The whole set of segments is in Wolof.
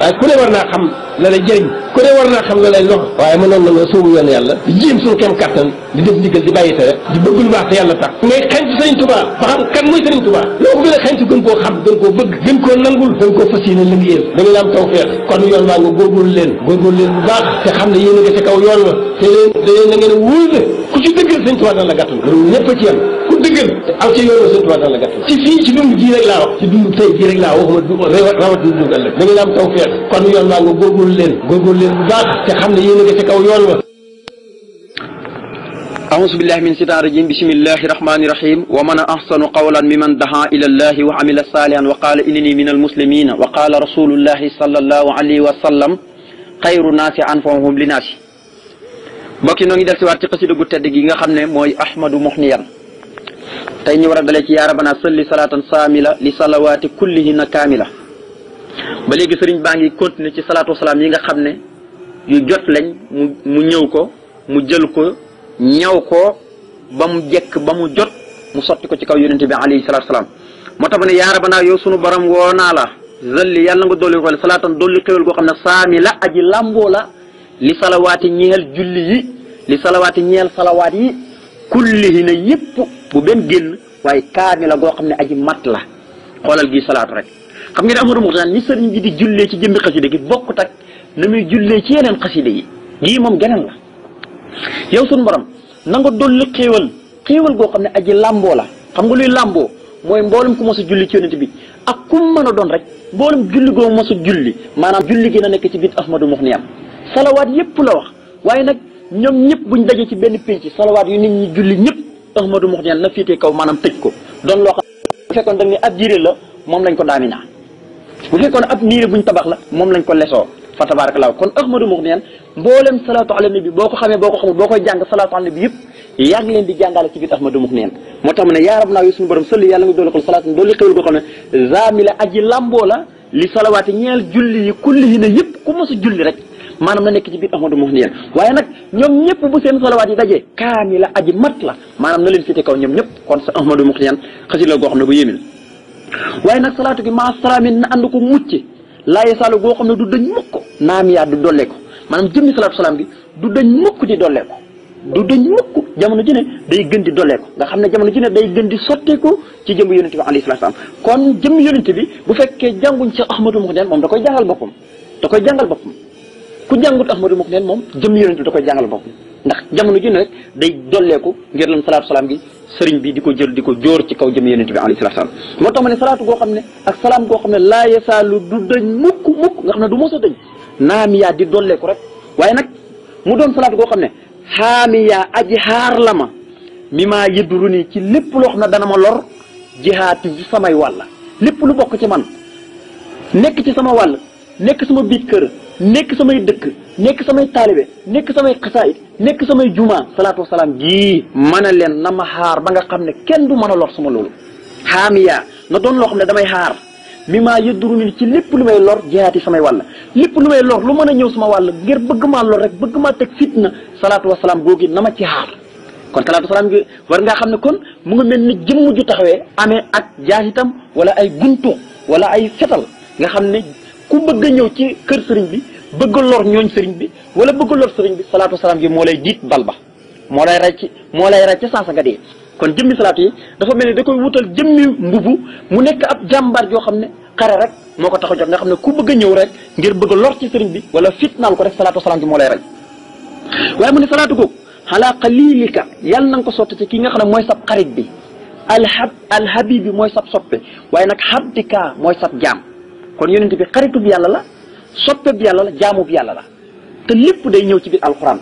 waaye ku ne war naa xam la la jëriñ ku ne war naa xam ne lay lox waaye mënoon nañoo sóobu yoon yàlla di jéem bëgg lu baax te yàlla tax mais xañ ci sëriñ Tuubaa ba xam kan mooy sëriñ Tuubaa loo gën a xañ gën koo xam gën koo nangul gën koo fas yéene liggéeyal nga góorgóorlu leen góorgóorlu leen bu baax te xam a nga leen leen bu baax te xam ne yéen a nga ca kaw yoon wa أعوذ بالله من الشيطان الرجيم بسم الله الرحمن الرحيم ومن أحسن قولا ممن دعا إلى الله وعمل صالحا وقال إنني من المسلمين وقال رسول الله صلى الله ci xasida gu tedd gi nga xam ne mooy ahmadu muxniyan tey ñu war a dalee ci yaa rabana salli salaatan saamila li salawaati kullihinna kaamila ba léegi sëriñ baa ci salaatu wasalaam yi nga xam ne yu jot lañ mu mu ñëw ko mu jël ko ñaw ko ba mu jekk ba mu jot mu sotti ko ci kaw yu bi alayhi salaatu salaam moo ma ne yaa rabanaa yow sunu borom woo naa la zalli yàlla nga dolli xol salaatan dolli goo xam ne saami la aji làmboo la li salawaati ñeel julli yi li salawaati ñeel salawaat yi kullihi na yépp bu benn génn waaye kaami la goo xam ne aji mat la xoolal gi salaatu rek xam nga ne Amadou Mokhtar ni sëriñ bi di jullee ci jëmbi xasida gi bokkut ak na muy jullee ci yeneen xasida yi lii moom geneen la yow suñu borom na doon dolli xéewal xéewal goo xam ne aji làmboo la xam nga luy làmboo mooy mboolum ku mos a julli ci yonent bi ak ku mu mën a doon rek mboolem julli goo mos a julli maanaam julli gi na nekk ci biir ahmadu mox niyam salawaat yëpp la wax waaye nag ñoom ñëpp buñ daje ci benn pénc salawaat yu nit ñi julli ñëpp ahmadu mox niyam na féetee kaw maanaam tëj ko doon loo xam bu fekkoon dañ ne ab jiré moom lañ ko daamina bu fekkoon ab niire buñ tabax la moom lañ ko lesoo fa tabaarakallaahu kon ahmadou Mouhniyane mboolem salaatu ala nabi boo ko xamee boo ko xamul boo koy jàng salaatu ala nabi yëpp yaa ngi di jàngale ci biir ahmadou Mouhniyane moo tax mu ne yaa rab naa yu suñu borom sëlli yàlla nga doole ko salaatu doole xéwal goo xam ne zaami la aji a la mat la maanaam na leen féete kaw ñoom ñëpp kon sa ahmadou Mouhniyane xasi la goo xam ne bu yéemin waaye nag salaatu gi maa salaamin na ànd ko mucc laa yasaalu goo xam ne du dëñ mukk naam yaa du dolle ko maanaam jëmmi salaatu salaam gi du dëñ mukk di dolle ko du dëñ mukk jamono ji ne day gën di dolle nga xam ne jamono ji ne day gën di sotteeku ci jëmm yonente bi alayhi salaam kon jëmm yonente bi bu fekkee jànguñ ci Ahmadu Muxtaar moom da koy jàngal boppam da koy jàngal boppam ku jàngut Ahmadu Muxtaar moom jëmm yonente bi da koy jàngal boppam ndax jamono ji ne rek day dolleeku ngir lan salaatu salaam gi sëriñ bi di ko jël di ko jóor ci kaw jëm yonent bi alayhi salaatu moo tax ma ne salaatu goo xam ne ak salaam goo xam ne laa yasaalu du dëñ mukk mukk nga xam ne du mos a dëñ yaa di dolleeku rek waaye nag mu doon salaatu goo xam ne xaamiyaa aji xaar la ma mi maa yëdduru nii ci lépp loo xam ne dana ma lor jihaati ci samay wàll lépp lu bokk ci man nekk ci sama wàll nekk sama biit kër nekk samay dëkk nekk samay taalibe nekk samay xasaayit nekk samay juma salaatu wasalaam gii mën a leen na ma xaar ba nga xam ne kenn du mën a lor sama loolu xaamiyaa na doon loo xam ne damay xaar mi maa yëdduru min ci lépp lu may lor jihaati samay wàll lépp lu may lor lu mën a ñëw sama wàll ngir bëgg maa lor rek bëgg maa teg fitna salaatu wasalaam googi na ma ci xaar kon salaatu wasalaam gi war ngaa xam ne kon mu nga mel ni jëmm ju taxawee amee ak jaahitam wala ay guntu wala ay fetal nga xam ne ku bëgg a ñëw ci kër sëriñ bi bëgg a lor ñooñ sëriñ bi wala bëgg a lor sëriñ bi salaatu salaam gi moo lay diit bal ba moo lay rey ci moo lay rey ca saasa nga dee kon jëmmi salaatu yi dafa mel ni da koy wutal jëmmi mbubu mu nekk ab jàmbaar joo xam ne xare rek moo ko tax a jot nga xam ne ku bëgg a ñëw rek ngir bëgg a lor ci sëriñ bi wala fitnaal ko rek salaatu salaam gi moo lay rey waaye mu ne salaatu ko xalaa xaliilika yàlla na nga ko sotti ci ki nga xam ne mooy sab xarit bi alhab alhabibi mooy sab soppe waaye nag habdika mooy sab jaam kon yonent bi xaritub yàlla la soppeb yàlla la jaamub yàlla la te lépp day ñëw ci biir alxuraan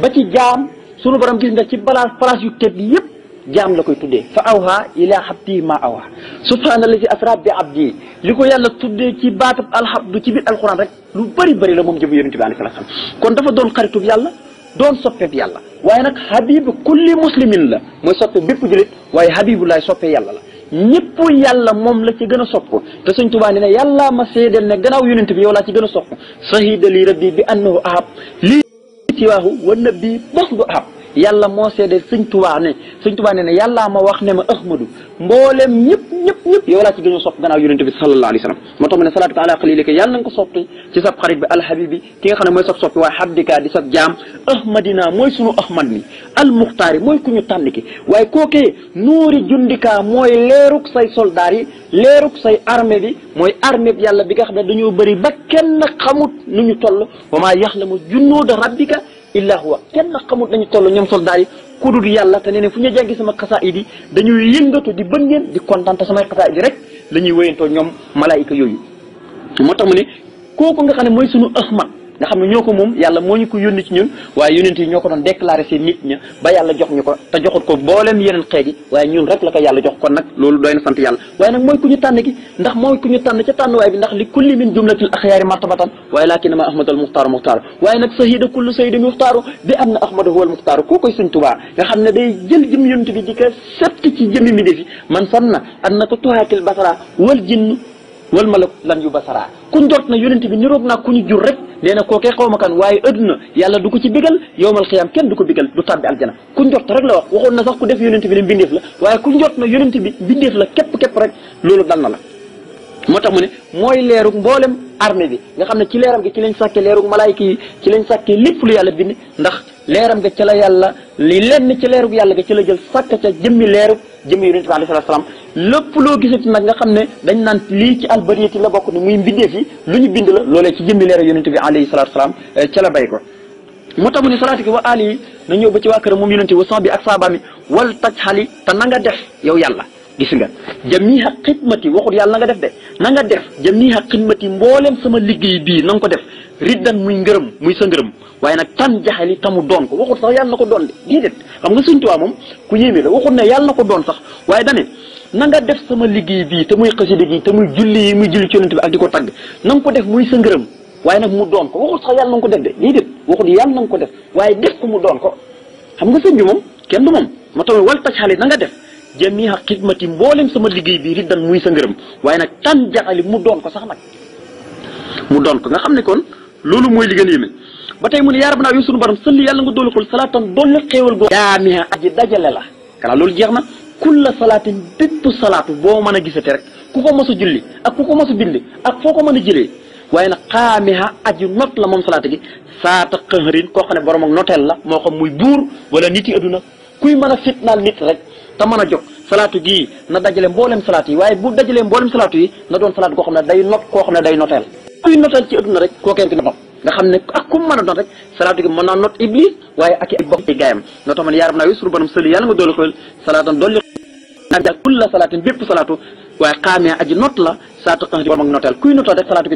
ba ci jaam sunu borom gis nga ci balaa place yu tedd yëpp jaam la koy tuddee fa awha ila habdi ma awha subhaanallazi asra bi abdi li ko yàlla tuddee ci baatab alhabdu ci biir alxuraan rek lu bëri bari la moom jëbu yonent bi alayhi salaam kon dafa doon xaritub yàlla doon soppeeb yàlla waaye nag habibu kulli muslimin la mooy soppe bépp julit waaye habibullaay soppe yàlla la ñëpp yàlla moom la ci gën a sopp te suñ tubaa ne ne a ma seedeel ne gannaaw yonent bi yow laa ci gën a sopp sahida li rabbi bi annahu ahab lii tiwaahu wa nabi baxdu ahab yàlla moo seede sëñ tubaa ne sëñ tubaa ne ne yàllaa ma wax ne ma ahmadu mbooleem ñëpp ñëpp ñëpp yow laa ci gën a sopp gannaaw yonente bi sallallahu alayhi moo tax mu ne salaatuka ala xalilika yàlla na nga ko soppi ci sab xarit bi alhabibi ki nga mooy sab soppi waaye xabdika di sab jaam ahmadina mooy sunu ahmad mi almuxtaari mooy ku ñu tànn ki waaye kookee nuuri jundika mooy leeruk say soldaar yi leeruk say armée bi mooy armée bi yàlla bi nga xam ne dañoo bari ba kenn xamut nu ñu toll wa maa yaxlamu junnuuda rabbika illaa huwa kenn xamul nañu toll ñoom soldaar yi ku dul yàlla te nee ne fu ñu jàngi sama xasaayid yi dañuy yëngatoo di bën ngeen di kontaan te samay xasaayid yi rek la ñuy wéyantoo ñoom malaayika yooyu moo tax mu ne kooku nga xam ne mooy sunu Ahmad nga xam ne ñoo ko moom yàlla moo ñu ko yónni ci ñun waaye yónent ñoo ko doon déclaré seen nit ña ba yàlla jox ñu ko te joxut ko booleem yeneen xeet waaye ñun rek la ko yàlla jox kon nag loolu doy na sant yàlla waaye nag mooy ku ñu tànn gi ndax mooy ku ñu tànn ca tànnwaay bi ndax li kulli min jumlatil axyaari martabatan waaye laakin ma ahmadal muxtaaru muxtaaru waaye nag sahida kullu sayidin muxtaaru bi am na ahmadu huwal muxtaaru koo koy sëñ tubaa xam ne day jël jëm na ma la lan yu basaraa ku njort na yonent bi niroog naa ku ñu jur rek nee na kookee xaw ma kan waaye adduna yàlla du ko ci bégal yowmal xiyaam kenn du ko bégal du tàbbi aljana ku njort rek la wax waxoon na sax ku def yonent bi ne mbindeef la waaye ku njort na yonent bi mbindeef la képp képp rek loolu dal na la moo tax mu ne mooy leerug mboolem armée bi nga xam ne ci leeram gi ci lañ sàkke leerug malaayka yi ci lañ sàkke lépp lu yàlla bind ndax leeram ga ci la yàlla li lenn ci leerug yàlla ci la jël sàkk ca jëmmi leerug jëm yonent bi alayhi salaatu salaam lépp loo gisati nag nga xam ne dañ naan lii ci albariyati la bokk ni muy mbindeef yi lu ñu bind la loolee ci jëmmi leer yonent bi alayhi salaatu salaam eh, ca la bay ko mu tamu ni salaati ki wa aali yi na ñëw ba ci waa këram moom yonent bi wa bi ak saaba mi wal taj xali te na nga def yow yàlla gis nga jamiha xidmati waxul yàlla na nga def de na nga def jamiha xidmati mbooleem sama liggéey bii na nga ko def riddan muy ngërëm muy sa ngërëm waaye nag tan jaxali tamu doon ko waxut sax yàlla na ko doon de déedéet xam nga Sëñ Tuubaa moom ku yéeme la waxut ne yàlla na ko doon sax waaye dane na nga def sama liggéey bii te muy xasida gi te muy julli yi muy julli ci bi ak di ko tagg na ko def muy sa ngërëm waaye nag mu doon ko waxut sax yàlla na ko def de déedéet waxut yàlla na nga ko def waaye def ko mu doon ko xam nga sëñ bi moom kenn du moom ma tamit wal tajxali na nga def jami a xidmati mboolem sama liggéey bi riddan muy sa ngërëm waaye nag tan jaxali mu doon ko sax nag mu loolu mooy li gën ba tey mu yaa rabbana yow sunu borom salli yàlla nga dolli ko salaatan dolli xéewal goo jaamiha aji dajale la kanaa loolu jeex na kulla salaatin bépp salaatu boo mën a gisate rek ku ko mos a julli ak ku ko mos a bind ak foo ko mën a jëlee waaye nag xaamiha aju not la moom salaata gi saata xëxërin koo xam ne borom ak noteel la moo xam muy buur wala nit yi adduna kuy mën a fitnaal nit rek te man a jóg salaatu gii na dajale mboolem salaatu yi waaye bu dajalee mboolem salaatu yi na doon salaatu koo xam ne day not koo xam ne day noteel kuy notal ci adduna rek koo kenn ki notal nga xam ne ak ku mu a salaatu gi mën naa iblis waaye ak i bokk gaayam nga tax man yaa rab naa wis sëli yàlla nga doole ko salaatan dolli ak jàll kuy notal rek salaatu gi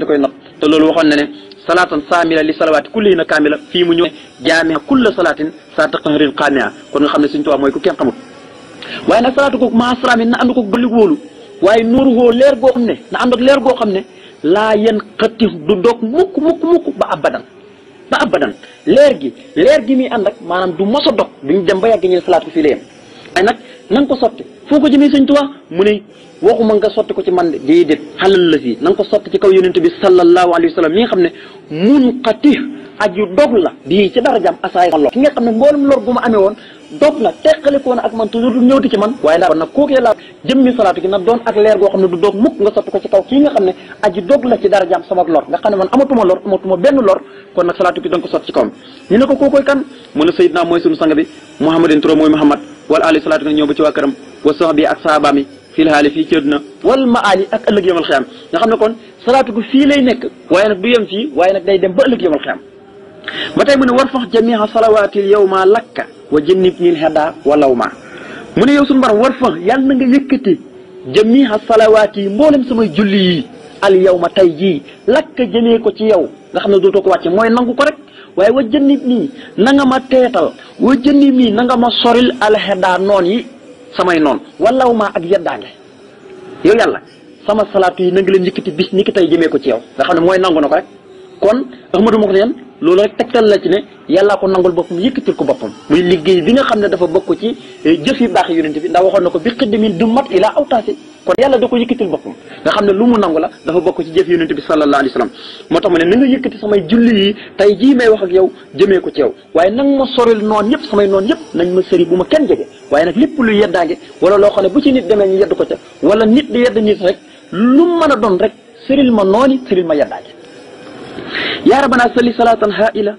da koy not te loolu waxoon na ne salaatan saamila li salawaati kulli na kaamila fii mu ñëw jaamea kulla salaatin salaatu xaxrin xaamea kon xam ne suñu tubaab mooy ku kenn xamul waaye nag salaatu googu maasraami na ànd ko bëli wóolu waaye nooru woo leer na ànd ak leer ne laa yan xatif du dog mukk mukk mukk ba abadan ba abadan leer gi leer gi mi ànd ak maanaam du mos a dog duñ dem ba yàgg ñu salaat ko fii la yem na nga ko sotti foo ko jëmee sëñ wa mu ne waxuma nga sotti ko ci man déedéet xalal la fii na nga ko sotti ci kaw yonent bi sallallahu alayhi wa sallam mi nga xam ne mun xatif aju dog la di ci darajam asaay lor ki nga xam ne mboolum lor bu ma amee woon dog na teqali ko ak man toujours du ñëwti ci man waaye ndaa nag kooku jëmmi salaatu gi na doon ak leer goo xam ne du doog mukk nga sotti ko ci kaw kii nga xam ne aji doog la ci dara jaam sama lor nga xam ne man amatuma lor amatuma benn lor kon nag salaatu ki doon ko sotti ci kawam ñu ne ko kookoy kan mu ne Seydina mooy sunu sang bi Muhammadin turó mooy Muhammad wala ali salaatu gi ñëw ba ci waa këram wa sox bi ak saabaam yi fii la xaali fii ci ma aali ak ëllëg yawmal xiyaam nga xam ne kon salaatu gi fii lay nekk waaye nag du yem waaye nag day dem ba ëllëg yawmal xiyaam ba tey mu ne war fax jamiha salawaatil yawma lakka wa jënnib niil hada walaw ma mu ne yow suñu borom war fa yàlla na nga yëkkati jamiha salawaat yi mboolem samay julli yi al yow ma tey jii lakk jëmee ko ci yow nga xam ne dootoo ko wàcce mooy nangu ko rek waaye wa jënnib nii na nga ma teetal wa jënnib nii na nga ma soril alxedaa noon yi samay noon walaw maa ak yeddaange yow yàlla sama salaatu yi na leen yëkkati bis ni ki tey jëmee ko ci yow nga xam ne mooy nangu na ko rek kon Ahmadou Moukhtar loolu rek tegtal na ci ne yàllaa ko nangul boppam yëkkatil ko boppam muy liggéey bi nga xam ne dafa bokk ci eh, jëf yu baax yonent bi ndax waxoon na ko bi xiddimin du mat ilaa awtaasi kon yàlla da ko yëkkatil boppam nga xam ne lu mu nangu la dafa bokk ci jëf yonent bi sallallahu alayhi wa sallam moo tax ma ne na yëkkati samay julli yi tey jii may wax ak yow jëmee ko ci yow waaye nang ma soril noon yëpp samay noon yëpp nañ ma sëri bu ma kenn jege waaye nag lépp lu yeddaange wala loo xam ne bu ci nit demee ñu yedd ko ca wala nit di rek lu mën a doon rek sëril ma nooni sëril ma yeddaange yaa rabbana salli salaatan haila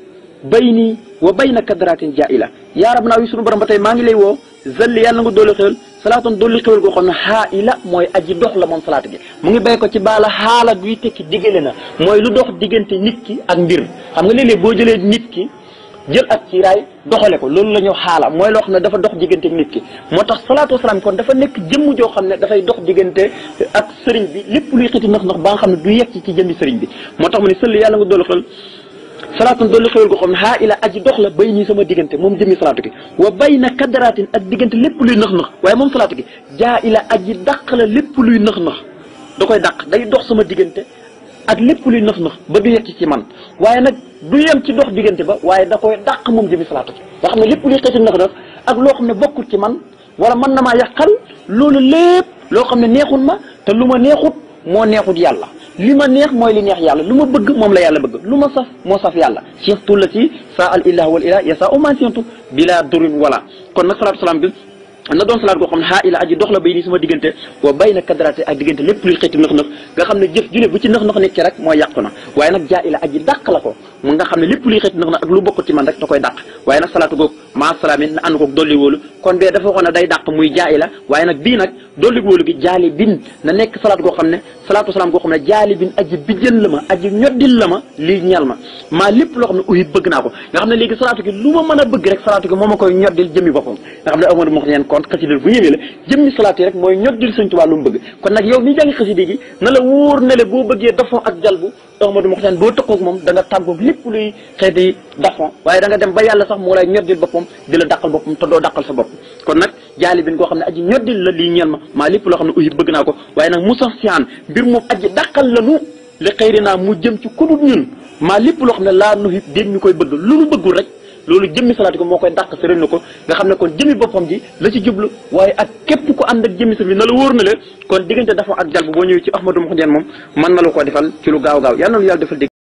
bayni wa bayna kadratin jaila yaa rabbana wi sunu borom ba tey maa ngi lay woo zalli yàlla nga doole xewal salaatan dolli xewal goo xam ne haila mooy aji dox la moom salaat gi mu ngi bay ko ci baala xaala guy tekki diggale na mooy lu dox diggante nit ki ak mbir xam nga léeg-léeg boo jëlee nit ki jël ak ciiraay doxale ko loolu la ñu xaala mooy loo xam ne dafa dox diggante nit ki moo tax salaatu wasalaam kon dafa nekk jëmm joo xam ne dafay dox diggante ak sëriñ bi lépp luy xiti nax nax ba nga xam ne du yegg ci ci jëmmi sëriñ bi moo tax mu ne sëlli yàlla nga dolli xel salaatun dolli xewal goo xam ne xaa ila aji dox la bay nii sama diggante moom jëmmi salaatu gi wa bay na kadaraatin ak diggante lépp luy nax nax waaye moom salaatu gi jaa ila aji dàq la lépp luy nax nax da koy dàq day dox sama diggante ak lépp luy nax nax ba du yegg ci man waaye nag du yem ci dox diggante ba waaye da koy dàq moom jëmi salaatu nga xam ne lépp luy xëy na ko def ak loo xam ne bokkut ci man wala man na maa yàqal loolu lépp loo xam ne neexul ma te lu ma neexut moo neexut yàlla li ma neex mooy li neex yàlla lu ma bëgg moom la yàlla bëgg lu ma saf moo saf yàlla surtout la ci saa al ilah wal ilah ya saa umansientu bila durin wala kon nag salaatu salaam bi na doon salaat goo xam ne xaa aji dox la bay nii sama diggante wa bay na kadrate ak diggante lépp luy xeeti nëx-nëx nga xam ne jëf june bu ci nëx-nëx nekkee rek mooy yàqu na waaye nag jaa aji dàq la ko mu nga xam ne lépp luy xeeti nëx-nëx ak lu bokk ci man rek da koy dàq waaye nag salaatu goog maa salaamin na ànd koog dolli wóolu kon bee dafa waxoon ne day dàq muy jaa ila waaye nag bii nag dolli wóolu gi jaali bin na nekk salaatu goo xam ne salaatu salaam goo xam ne jaali bin aji bijjën la ma aji ñoddil la ma lii ñeel ma maa lépp loo xam ne uyi bëgg naa ko nga xam ne léegi salaatu gi lu ma mën a bëgg rek salaatu gi moo ma koy ñoddil jëmmi boppam nga xam ne amado max neen kon xasida bu ñëwee la jëmmi salaatu yi rek mooy ñoddil Sëñ Tuubaa lu mu bëgg kon nag yow mi jàngi xasida gi na la wóor ne le boo bëggee dafoo ak jalbu Ahmadou Mokhtar boo tëqoog moom da nga tàggoog lépp luy xeeti dafon waaye da nga dem ba yàlla sax moo lay ñoddil boppam di la dàqal boppam te doo dàqal sa bopp kon nag jaali bin koo xam ne aji ñoddil la lii ñeel ma maa lépp loo xam ne uyi bëgg naa ko waaye nag musax siyaan mbir moom aji dàqal la nu li naa mu jëm ci kudul ñun maa lépp loo xam ne laa nu hib déen ñu koy bëgg lu nu bëggul rek loolu jëmmi salaatu ko moo koy dàq sëral na ko nga xam ne kon jëmmi boppam ji la ci jublu waaye ak képp ku ànd ak jëmmi sëriñ bi na la wóor na la kon diggante dafa ak jalbu boo ñëwee ci ahmadu muxjeen moom mën na la ko defal ci lu gaaw gaaw yàlla na yàlla defal